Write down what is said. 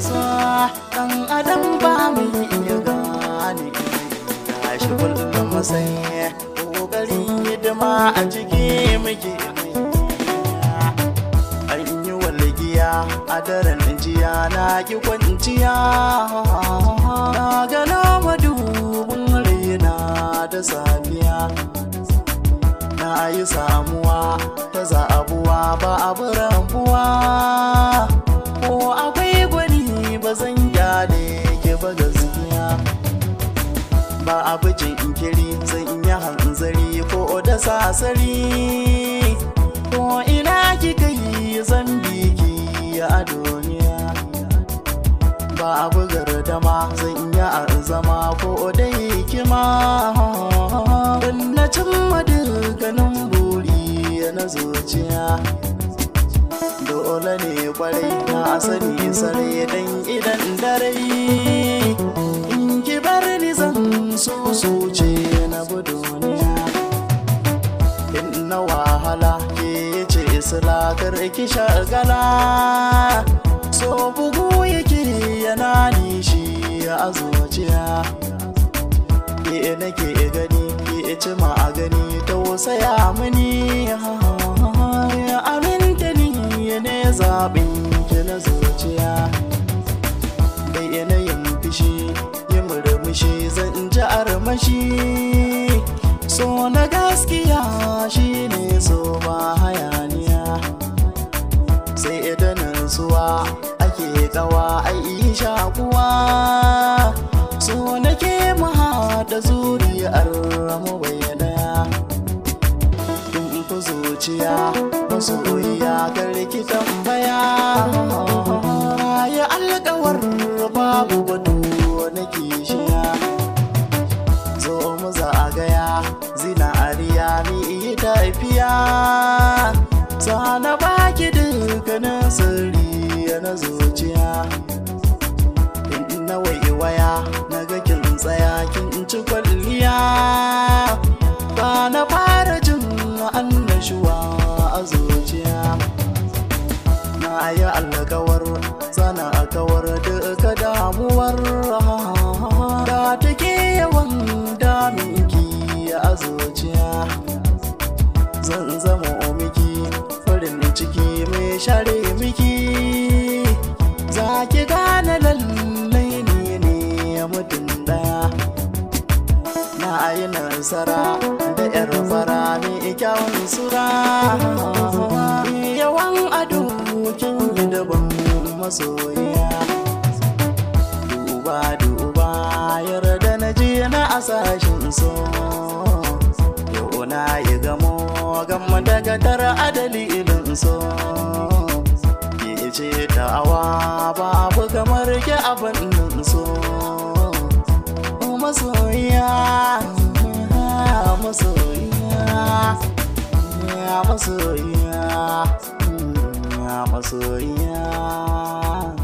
nutsuwa ɗan adam ba mai iya gane ga shi kullum masai ƙoƙarin hidima a ciki muke an yi walgiya a daren jiya na ki kwanciya na gana madubin raina da safiya na yi samuwa ta za'abuwa ba abu rabuwa abijin inkiri zan yi hanzari ko da sasari ko ina kika yi zan biki a duniya ba abu ma zan yi arzama ko da hikima na cin dukkanin buri na zuciya dole ne kwarai na sani sarai dan idan dare ki bar ni zan so ce na duniya in na wahala ke ce silakar ki shagala so bugu yake yana nishi a zuciya ke nake gani ke ci ma a gani ta wasaya mini aminta ni ne zaɓin ki na zuciya shi so na gaskiya shi ne so ba hayaniya sai idan zuwa ake tsawa ai isha kuwa so ke mu da zuriyar mu bayyana tun ku zuciya masoyiya ga likitan baya ya alƙawar babu wani tafiya sana baki dukkanin sirri na zuciya in wa'i waya na ga kin tsaya kin ci kwalliya ba na fara jin annashuwa a zuciya na yi alkawar sana a kawar duka damuwar da take yawan daminki a zuciya zan zama miki farin ciki mai share miki za ki gane lallai ni ne mutum daya na yi nasara da yar fara mai kyawun sura yawan ado yi daban duba duba yarda na je na asashin so yau na yi gama daga dara adali ilin so ce da'awa babu kamar ke abin nan so masoya masoya masoya masoya